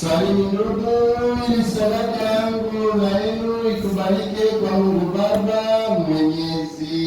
Swalini ndogo ili sadaka yangu na yenu ikubalike kwa Mungu Baba Mwenyezi.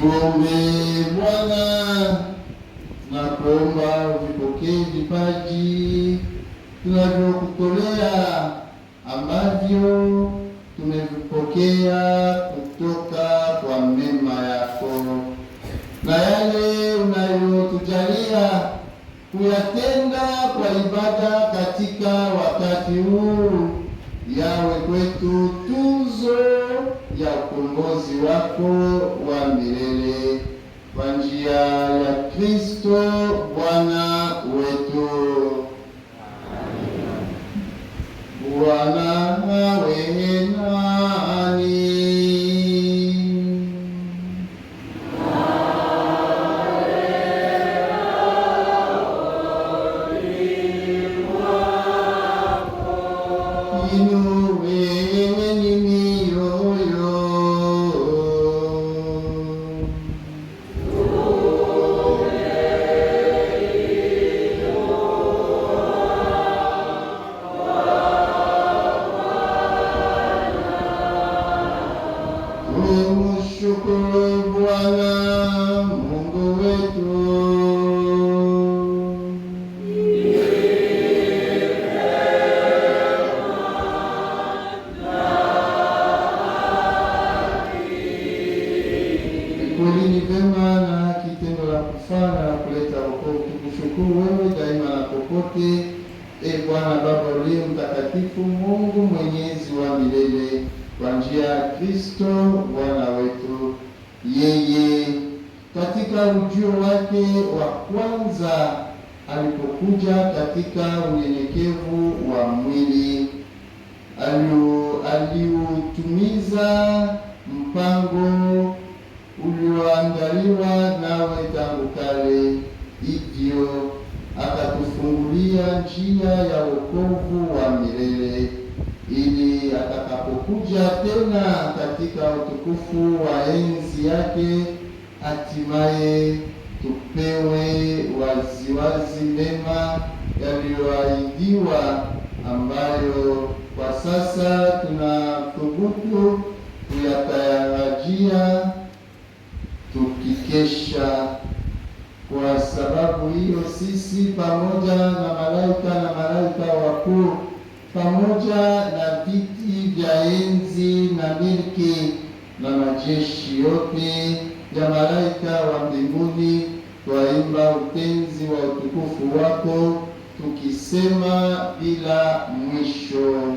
Tuombe. Bwana, nakuomba uvipokee vipaji tunavyokutolea ambavyo tumevipokea kutoka kwa mema yako, na yale unayotujalia kuyatenda kwa ibada katika wakati huu, yawe kwetu tuzo ya ukombozi wako wa milele kwa njia ya Kristo Bwana. Bwana wewe ni vema na kitendo la kufana na kuleta wokovu. Tukushukuru wewe daima na popote, e Bwana Baba uliye mtakatifu, Mungu mwenyezi wa milele, kwa njia ya Kristo Bwana wetu, yeye katika ujio wake wa kwanza alipokuja katika unyenyekevu wa mwili aliutumiza mpango ulioandaliwa nawe tangu kale, hivyo akatufungulia njia ya wokovu wa milele, ili atakapokuja tena katika utukufu wa enzi yake, hatimaye tupewe waziwazi mema yaliyoahidiwa, ambayo kwa sasa tuna nchi yote ya malaika wa mbinguni twaimba utenzi wa utukufu wako tukisema bila mwisho.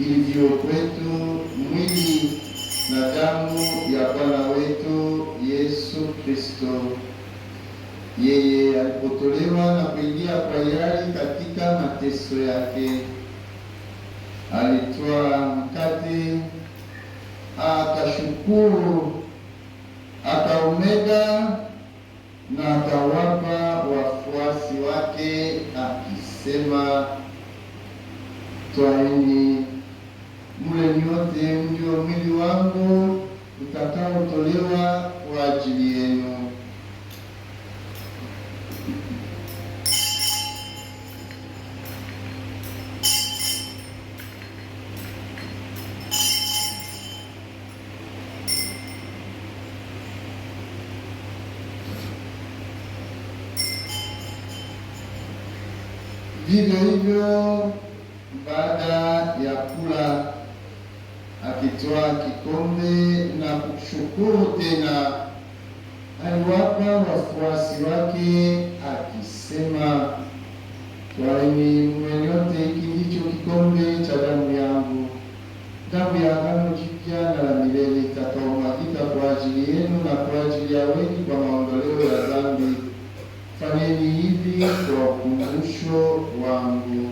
ilivyo kwetu mwili na damu ya Bwana wetu Yesu Kristo. Yeye alipotolewa na kuingia kwa hiari katika mateso yake, alitoa mkate, akashukuru, akaumega na akawapa wafuasi wake akisema, twaini yoyote ndio mwili wangu utakaotolewa kwa ajili yenu. Vivyo hivyo baada ya kula akitoa kikombe na kushukuru tena, aliwapa wafuasi wake akisema, twaeni mwenyote nyote, hiki ndicho kikombe cha damu yangu, damu ya agano jipya na la milele, itakaomwagika kwa ajili yenu na kwa ajili ya wengi kwa maondoleo ya dhambi. Fanyeni hivi kwa ukumbusho wangu.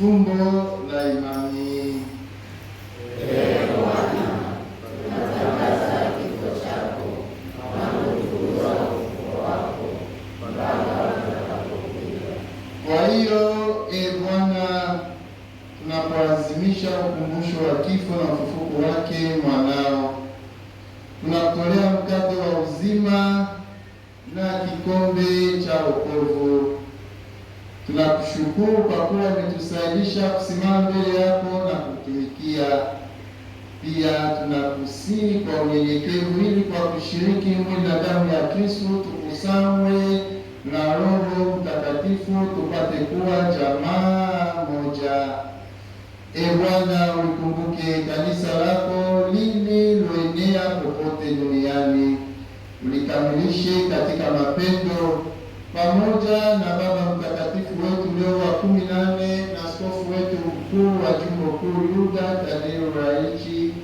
Boom, boom. kutuwezesha kusimama mbele yako na kutumikia. Pia tunakusihi kwa unyenyekevu, ili kwa kushiriki mwili na damu ya Kristo tukusanywe na Roho Mtakatifu tupate kuwa jamaa moja. E Bwana, ulikumbuke kanisa lako lililoenea popote duniani, ulikamilishe katika mapendo pamoja na Baba Mkuu Yuda Tadeo Raichi,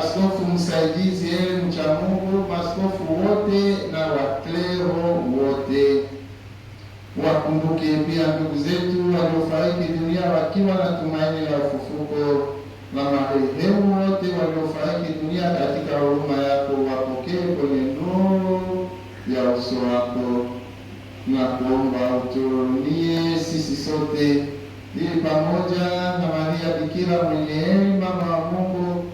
askofu msaidizi ele Mchamungu, maskofu wote na waklero wote. Wakumbuke pia ndugu zetu waliofariki dunia wakiwa na tumaini la ufufuko, na marehemu wote waliofariki dunia katika huruma yako, wapokee kwenye nuru ya uso wako, na kuomba utuonie sisi sote ili pamoja na Maria Bikira mwenye mama wa Mungu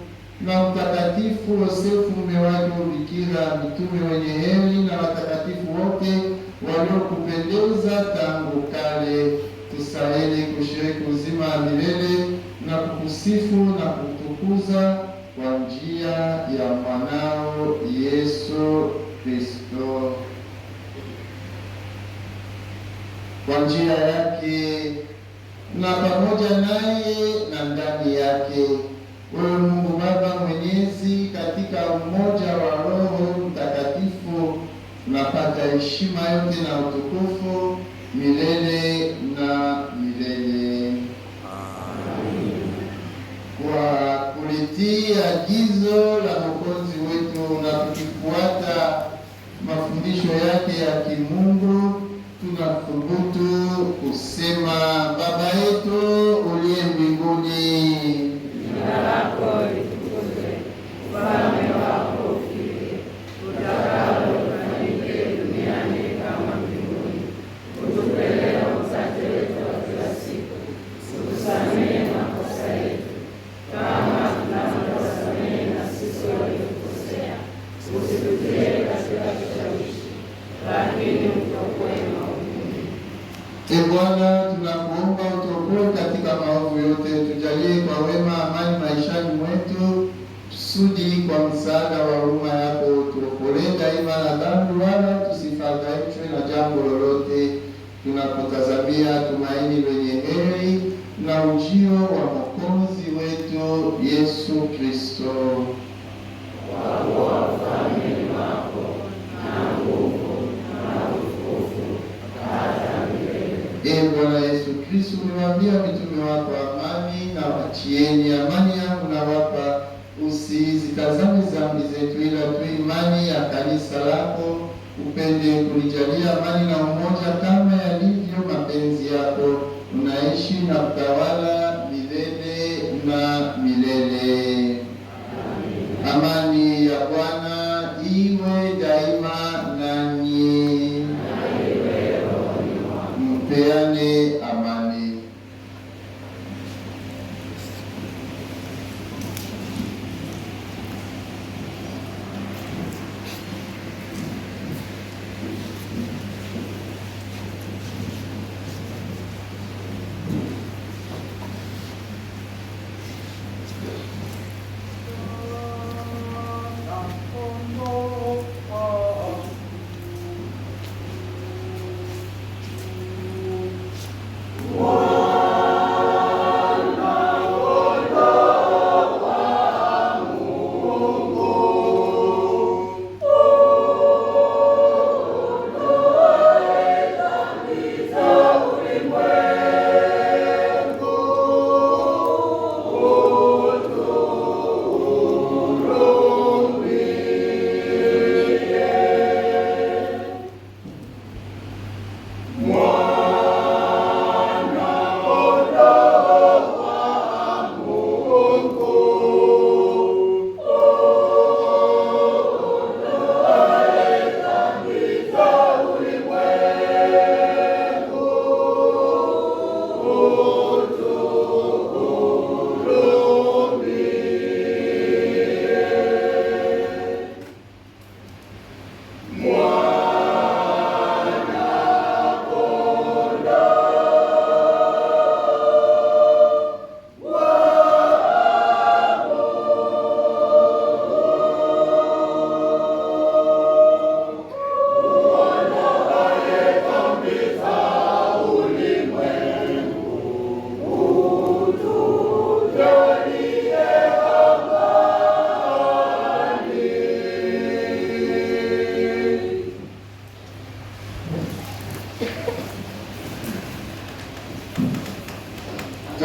na Mtakatifu Yosefu mume wake Bikira, mitume wenye heri na watakatifu wote waliokupendeza tangu kale, tusahili kushiriki uzima wa milele na kukusifu na kutukuza kwa njia ya mwanao Yesu Kristo. Kwa njia yake na pamoja naye na ndani yake, wewe Mungu Baba Mwenyezi, katika umoja wa Roho Mtakatifu, unapata heshima yote na utukufu milele na milele. Kwa kulitii agizo la Mwokozi wetu na kukifuata mafundisho yake ya kimungu tunathubutu kusema Baba yetu uliye na jambo lolote, tunapotazamia tumaini lenye heri na ujio wa Mwokozi wetu Yesu Kristo. Ee Bwana Yesu Kristo, uliwaambia mitume wako, amani na wachieni, amani yangu nawapa, usizitazame dhambi zetu, ila tu imani ya kanisa lako upende kunijalia amani na umoja kama yalivyo mapenzi yako, unaishi na kutawala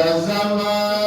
Tazama